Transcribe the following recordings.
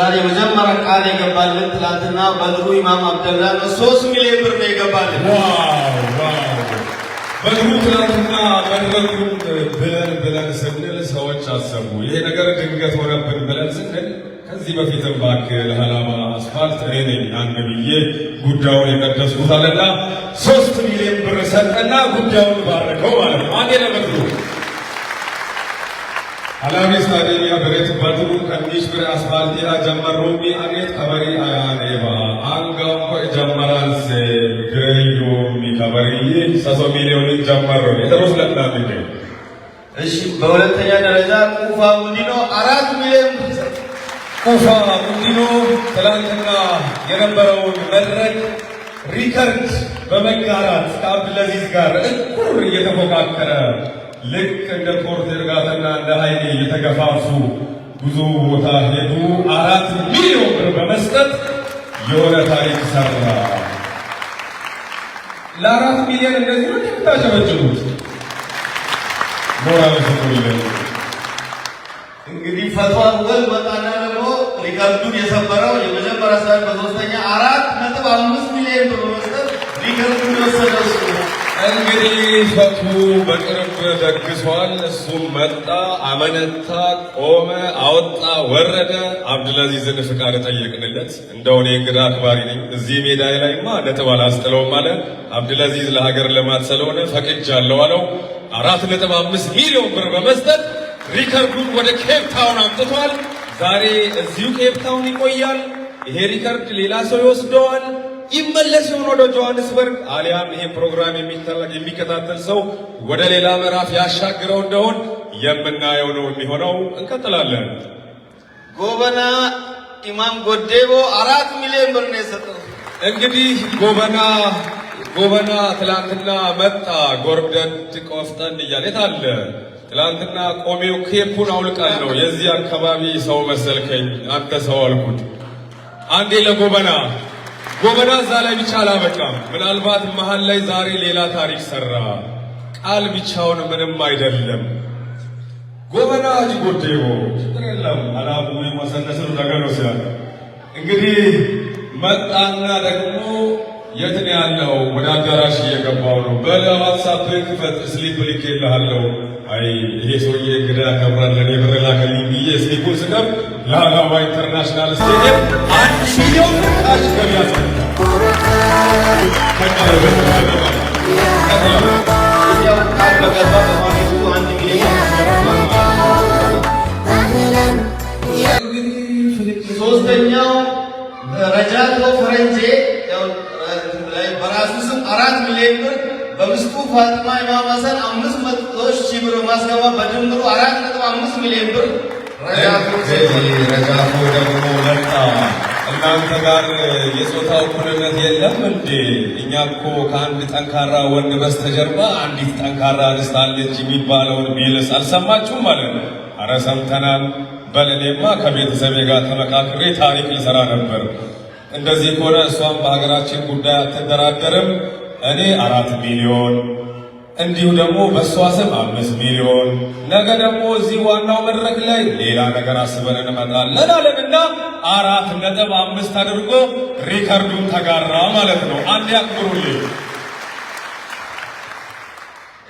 ዛሬ መጀመሪያ ቃል የገባልን ትላንትና በድሩ ኢማም አብደላ ነው ሶስት ሚሊዮን ብር ነው የገባልን። በድሩ ትላንትና መድረኩን ብለን ብለን ስንል ሰዎች አሰቡ ይሄ ነገር ድንገት ሆነብን ብለን ስንል ከዚህ በፊትም እባክህ ለሀላባ አስፋልት እኔ ነኝ አንድ ብዬ ጉዳዩን የቀደስኩታልና ሶስት ሚሊዮን ብር ሰጠና ጉዳዩን ባረከው ማለት ነው። አንዴ ለመድሩ ಹಲವಿ ಸಾರಿಯ ಬೆರೆತ್ ಬದುಕು ಕನ್ನೀಶ್ವರ ಅಸ್ಮಾಲ್ತಿಯ ಜಮ್ಮರೂಮಿ ಅನೇತ್ ಕಬರಿ ಅಯಾನೇವ ಅಂಗಂ ಜಮ್ಮರಲ್ಸೆ ಗ್ರಯೋಮಿ ಕಬರಿ ሰሶ ሚሊዮን ጀመር ነው የተሮስ ለቅናብኝ እሺ በሁለተኛ ደረጃ ቁፋ ሙዲኖ አራት ሚሊዮን ቁፋ ሙዲኖ ትላንትና የነበረውን መድረክ ሪከርድ በመጋራት ከአብዱልአዚዝ ጋር እኩር እየተፎካከረ ልክ እንደ ጦር ዝርጋታና እንደ ኃይሌ የተገፋፉ ብዙ ቦታ ሄዱ። አራት ሚሊዮን ብር በመስጠት የሆነ ታሪክ ሰራ። ለአራት ሚሊዮን እንደዚህ ነው የምታጨበጭቡት? ሞራል ሰጥቶልን እንግዲህ ፈቷን ወል ወጣና ደግሞ ሪከርዱን የሰበረው የመጀመሪያ ሰዓት በሶስተኛ አራት ነጥብ አምስት ሚሊዮን ብር በመስጠት ሪከርዱን የወሰደው እንግዲህ ፈቱ በቅርብ ደግሷል። እሱም መጣ፣ አመነታ፣ ቆመ፣ አወጣ፣ ወረደ። አብዱልአዚዝን ፍቃድ ጠየቅንለት። እንደው እኔ እንግዳ አክባሪ ነኝ እዚህ ሜዳ ላይማ ነጥብ አላስጥለውም አለ። አብዱልአዚዝ ለሀገር ልማት ስለሆነ ፈቅጃለሁ አለው። አራት ነጥብ አምስት ሚሊዮን ብር በመስጠት ሪከርዱን ወደ ኬፕታውን አምጥቷል። ዛሬ እዚሁ ኬፕ ይቆያል። ይሄ ሪከርድ ሌላ ሰው ይወስደዋል። ይመለስ ይሆን ወደ ጆሐንስበርግ? አሊያም ይሄ ፕሮግራም የሚከታተል ሰው ወደ ሌላ ምዕራፍ ያሻግረው እንደሆን የምናየው ነው የሚሆነው። እንቀጥላለን። ጎበና ኢማም ጎዴቦ አራት ሚሊዮን ብር ነው የሰጠው። እንግዲህ ጎበና ጎበና ትላንትና መጣ ጎርደድ ቆፍጠን እያለ የታለ? ትላንትና ቆሜው ኬፑን አውልቃል ነው የዚህ አካባቢ ሰው መሰልከኝ፣ አንተ ሰው አልኩት አንዴ ለጎበና ጎበና እዛ ላይ ብቻ አላበቃም። ምናልባት መሀል ላይ ዛሬ ሌላ ታሪክ ሰራ። ቃል ብቻውን ምንም አይደለም። ጎበና አጅ ጎዴቦ ችግር የለም አላቡ የማሰነስሉ ነገር ነው ስላለ እንግዲህ መጣና ደግሞ የት ነው ያለው? ወደ አዳራሽ እየገባው ነው። በዋትሳፕ ክፈት ስሊፕ ልኬልሃለሁ። አይ ይሄ ሰውዬ እንግዳ ያከብራል ለኔ ብር ላከልኝ ብዬ ስሊፑን ስነብ ለሀላባ ኢንተርናሽናል ስቴዲየም አንድ ሚሊዮን ቃሽ ሶስተኛው ረጃቶ ፈረንጄ ሚሊዮን ብር ፋጥማ ኢማም አምስት መቶ ሺህ ብር ማስገባት በድምሩ አራት ነጥብ አምስት ሚሊዮን ብር ረጃፎ ደግሞ መጣ። እናንተ ጋር የጾታ እኩልነት የለም እንዴ? እኛ እኮ ከአንድ ጠንካራ ወንድ በስተጀርባ አንዲት ጠንካራ እንስት አለች የሚባለውን ቢልስ አልሰማችሁም ማለት ነው? አረ ሰምተናል። በለኔማ ከቤተሰቤ ጋር ተመካክሬ ታሪክ ልሰራ ነበር። እንደዚህ ከሆነ እሷም በሀገራችን ጉዳይ አትደራደርም። እኔ አራት ሚሊዮን እንዲሁ ደግሞ በእሷ ስም አምስት ሚሊዮን ነገ ደግሞ እዚህ ዋናው መድረክ ላይ ሌላ ነገር አስበን እንመጣለን አለንና አራት ነጥብ አምስት አድርጎ ሪከርዱን ተጋራ ማለት ነው። አንድ ያክብሩልኝ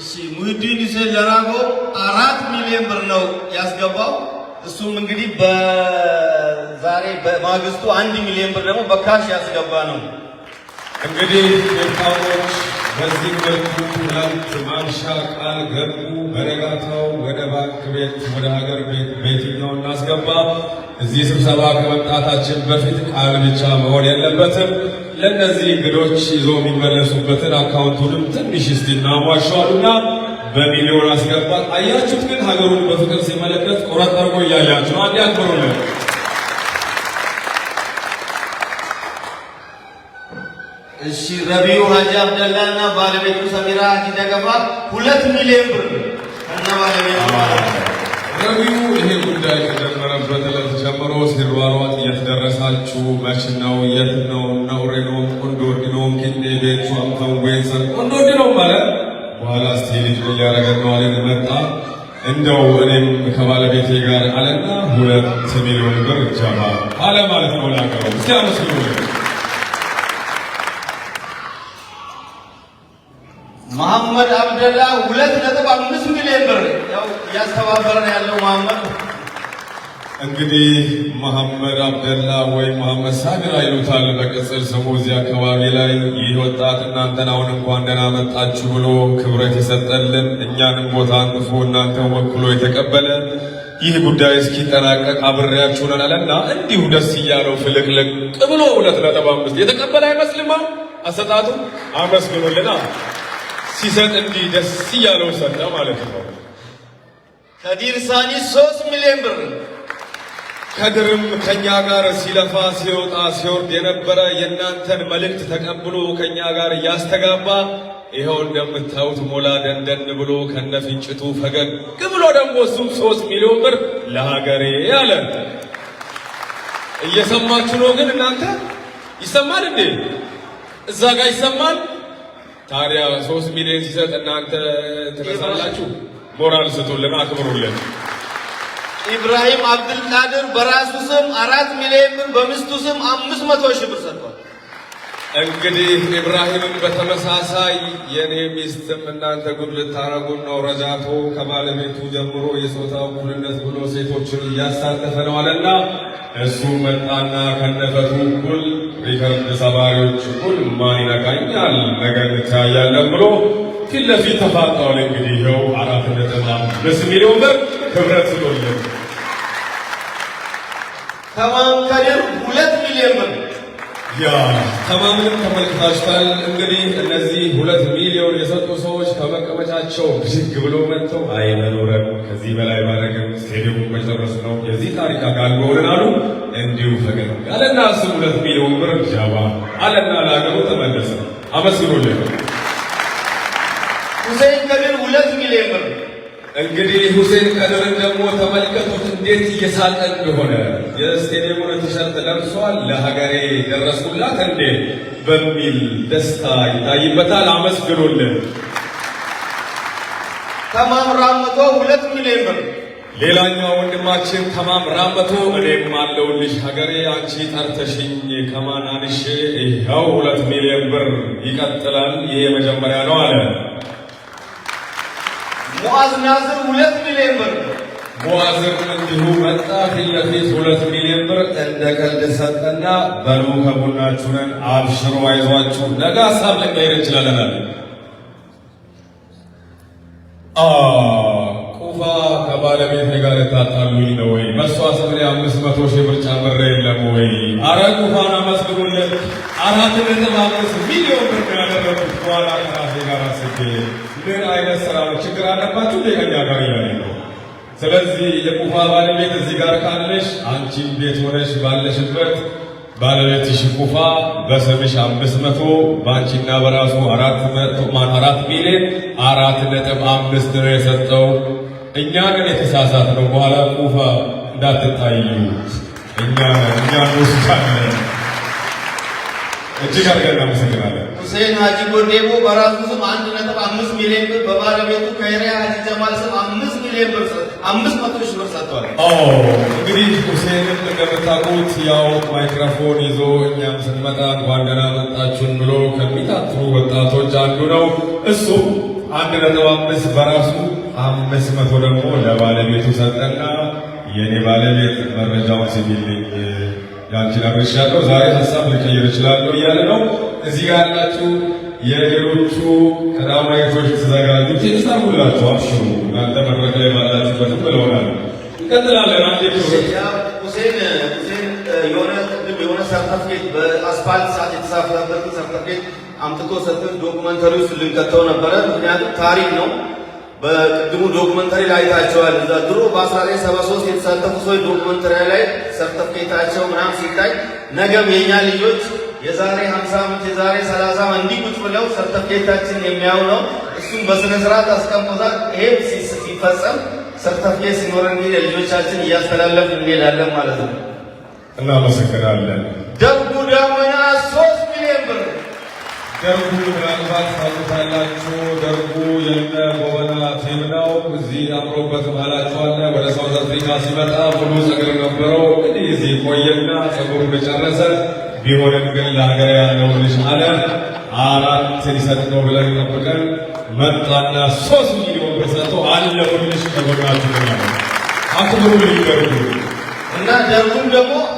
እሺ። ሙሂዲን ሁሴን ጀናቦ አራት ሚሊዮን ብር ነው ያስገባው። እሱም እንግዲህ በዛሬ በማግስቱ አንድ ሚሊዮን ብር ደግሞ በካሽ ያስገባ ነው። እንግዲህ ጴንጣቆች በዚህ መልኩ ትናንት ማምሻ ቃል ገቡ። በነጋታው ወደ ባንክ ቤት ወደ ሀገር ቤት በየትኛው እናስገባ። እዚህ ስብሰባ ከመምጣታችን በፊት ቃል ብቻ መሆን የለበትም። ለእነዚህ እንግዶች ይዞ የሚመለሱበትን አካውንቱንም ትንሽ እስቲ እናሟሸዋሉና በሚሊዮን አስገባ። አያችሁት ግን ሀገሩን በፍቅር ሲመለከት ቆረጥ አድርጎ እያያችሁ አንድ ያክብሩ እሺ ረቢዩ ሀጂ አብደላ እና ባለቤቱ ሰሚራ ሀጂ ደገፋ ሁለት ሚሊዮን ብር እና ባለቤቱ ማለት ረቢዩ ይሄ ጉዳይ ተጀመረበት ዕለት ጀምሮ ሲሯሯጥ እየተደረሳችሁ መች ነው የት ነው ነውሬ ነው ቆንዶ ወዲኖም ኪንዴ ቤቱ አምተን ወይንሰር ቆንዶ ወዲኖም ማለት በኋላ እስቲ ልጅ ሊያረገን ነው አለን መጣ እንደው እኔም ከባለቤቴ ጋር አለና ሁለት ሚሊዮን ብር ጀባ አለ ማለት ነው። ላገሩ እስኪ አመስግኑ መሐመድ አብደላ ሁለት ነጥብ አምስት ሚሊዮን ብር ያው እያስተባበረን ያለው መሐመድ እንግዲህ መሐመድ አብደላ ወይ መሐመድ ሳቢራ ይሉታል በቅጽል ስሙ። እዚህ አካባቢ ላይ ይህ ወጣት እናንተን አሁን እንኳን ደህና መጣችሁ ብሎ ክብረት የሰጠልን እኛንም ቦታ አንጥፎ እናንተን ወክሎ የተቀበለ ይህ ጉዳይ እስኪጠናቀቅ አብሬያችሁ ነን እንዲሁ ደስ እያለው ፍልቅልቅ ብሎ ሁለት ነጥብ አምስት የተቀበለ አይመስልም። አሰጣቱ አመስግኑልና ሲሰጥ እንዲህ ደስ እያለው ሰጠ ማለት ነው። ከዲር ሳኒ ሶስት ሚሊዮን ብር ከድርም ከኛ ጋር ሲለፋ ሲወጣ ሲወርድ የነበረ የእናንተን መልእክት ተቀብሎ ከኛ ጋር እያስተጋባ ይኸው እንደምታዩት ሞላ ደንደን ብሎ ከነፍንጭቱ ፈገግ ብሎ ደግሞ እሱም ሶስት ሚሊዮን ብር ለሀገሬ አለ። እየሰማችሁ ነው ግን እናንተ ይሰማል እንዴ? እዛ ጋር ይሰማል ታዲያ ሶስት ሚሊዮን ሲሰጥ እናንተ ትነሳላችሁ? ሞራል ስጡልን፣ አክብሩልን። ኢብራሂም አብድልቃድር በራሱ ስም አራት ሚሊዮን ብር በሚስቱ ስም አምስት መቶ ሺህ ብር ሰጥቷል። እንግዲህ ኢብራሂምን በተመሳሳይ የእኔ ሚስትም እናንተ ጉድ ልታረጉን ነው፣ ረጃቶ ከባለቤቱ ጀምሮ የጾታ እኩልነት ብሎ ሴቶችን እያሳተፈ ነው አለና እሱ መጣና ከነፈቱ እኩል ሪከርድ ሰባሪዎች እኩል ማን ይነካኛል ነገር እንታያለን ብሎ ፊት ለፊት ተፋጠዋል። እንግዲህ ይኸው አራት ነጥብ አምስት ሚሊዮን ብር ክብረት ስሎልን ከማንከደር ሁለት ሚሊዮን ብር ያ ተማምንም ተመልክታችኋል። እንግዲህ እነዚህ ሁለት ሚሊዮን የሰጡ ሰዎች ከመቀመጫቸው ብድግ ብሎ መጥተው አይመኖረን ከዚህ በላይ ማድረግም ስቴዲየሙ መጨረስ ነው የዚህ ታሪክ አካል መሆንን አሉ። እንዲሁ ፈገግ ያለና እሱም ሁለት ሚሊዮን ብር ጃባ አለና ለሀገሩ ተመለሰ። አመስግኖል ሁሴን ከድር ሁለት ሚሊዮን ብር። እንግዲህ ሁሴን ከድርን ደግሞ ተመልከቱት እንዴት እየሳቀ እንደሆነ የስቴዲየሙን ቲሸርት ለብሷል። ለሀገሬ ደረስኩላት እንዴ በሚል ደስታ ይታይበታል። አመስግኑልን። ተማም ራመቶ ሁለት ሚሊዮን ብር ሌላኛው ወንድማችን ተማም ራመቶ እኔም አለሁልሽ ሀገሬ አንቺ ጠርተሽኝ ከማን አንሽ ይኸው ሁለት ሚሊዮን ብር ይቀጥላል። ይሄ የመጀመሪያ ነው አለ ሙአዝ ናዝር ሁለት ሚሊዮን ብር ቦአዝም እንዲሁ መጣ። ፊት ለፊት ሁለት ሚሊዮን ብር እንደ ቀልድ ሰጠና በሉ ከቡናችሁ አብሽሮ አይዟችሁ፣ ነገ ሀሳብ ልንቀይር እንችላለን አለ። ቁፋ ከባለቤት ጋር የታጣሉኝ ነው ወይ? በሷ ስም አምስት መቶ ሺህ ብር ጨምሬ የለም ወይ? አረ ቁፋን አመስግኑለት። አራት ነጥብ አምስት ሚሊዮን ብር ያደረጉት በኋላ ከራሴ ጋር አስቤ ምን አይነት ስራ ነው? ችግር አለባችሁ ከኛ ጋር ይላል ነው ስለዚህ የቁፋ ባለቤት እዚህ ጋር ካለሽ አንቺም ቤት ሆነሽ ባለሽበት ባለቤትሽ ቁፋ በስምሽ አምስት መቶ በአንቺና በራሱ አራት ሚሊዮን አራት ነጥብ አምስት ነው የሰጠው። እኛ ግን የተሳሳት ነው። በኋላ ቁፋ እንዳትታዩ እኛ እኛ እጅግ አድርገን እናመሰግናለን። ሁሴን ሀጂ ጎዴቦ በራሱ ስም አንድ ነጥብ አምስት ሚሊዮን ብር በባለቤቱ ከሪያ ሀጂ ጀማል ስም አምስት ሚሊዮን ብር አምስት መቶ ሺህ ብር ሰጥቷል። እንግዲህ ሁሴንም እንደምታውቁት ያው ማይክሮፎን ይዞ እኛም ስንመጣ እንኳን ደህና መጣችሁን ብሎ ከሚታትሩ ወጣቶች አንዱ ነው። እሱ አንድ ነጥብ አምስት በራሱ አምስት መቶ ደግሞ ለባለቤቱ ሰጠና የእኔ ባለቤት መረጃውን ሲቪል ያንቺን ነገር ይችላለሁ ዛሬ ሀሳብ ልቀይር እችላለሁ እያለ ነው። እዚህ ጋር ያላችሁ የሌሎቹ ቀዳማይቶች ተዘጋጁ፣ ትንሳሙላችሁ፣ አብሽሩ እናንተ መድረክ ላይ ባላችሁበት ብለውናል። እንቀጥላለን። አንዴ ሁሴን ሁሴን የሆነ የሆነ ሰርተፍኬት በአስፋልት ሰዓት የተሳፈረበትን ሰርተፍኬት አምጥቶ ሰጥን ዶኩመንተሪ ውስጥ ልንቀጥተው ነበረ። ምክንያቱም ታሪክ ነው በቅድሙ ዶክመንተሪ ላይ አይታቸዋል። እዛ ድሮ በ1973 የተሳተፉ ሰዎች ዶክመንተሪ ላይ ሰርተፍኬታቸው ምናምን ሲታይ ነገም የኛ ልጆች የዛሬ 50 ዓመት የዛሬ 30 ዓመት እንዲቁጭ ብለው ሰርተፍኬታችን የሚያዩ ነው። እሱም በስነ ስርዓት አስቀምጠን ይሄም ሲፈጸም ሰርተፍኬት ሲኖር እንግዲህ ለልጆቻችን እያስተላለፍ እንሄዳለን ማለት ነው። እናመሰግናለን። ደጉ ደግሞ ደርጉ ምናልባት ታውቁታላችሁ። ደርጉ የነ ጎበና ቲም ነው። እዚህ አምሮበት ማላችኋለ። ወደ ሳውዝ አፍሪካ ሲመጣ ሙሉ ጸጉር ነበረው። እንግዲህ እዚህ ቆየና ጸጉሩን እንደጨረሰ ቢሆንም ግን ለሀገር ያለው ልጅ አለ አራት ሊሰጥ ነው ብለን ጠብቀን መጣና ሶስት ሚሊዮን ብር አለ ሁልሽ ከጎናችሁ ነው አክብሩ ሊደርጉ እና ደርጉም ደግሞ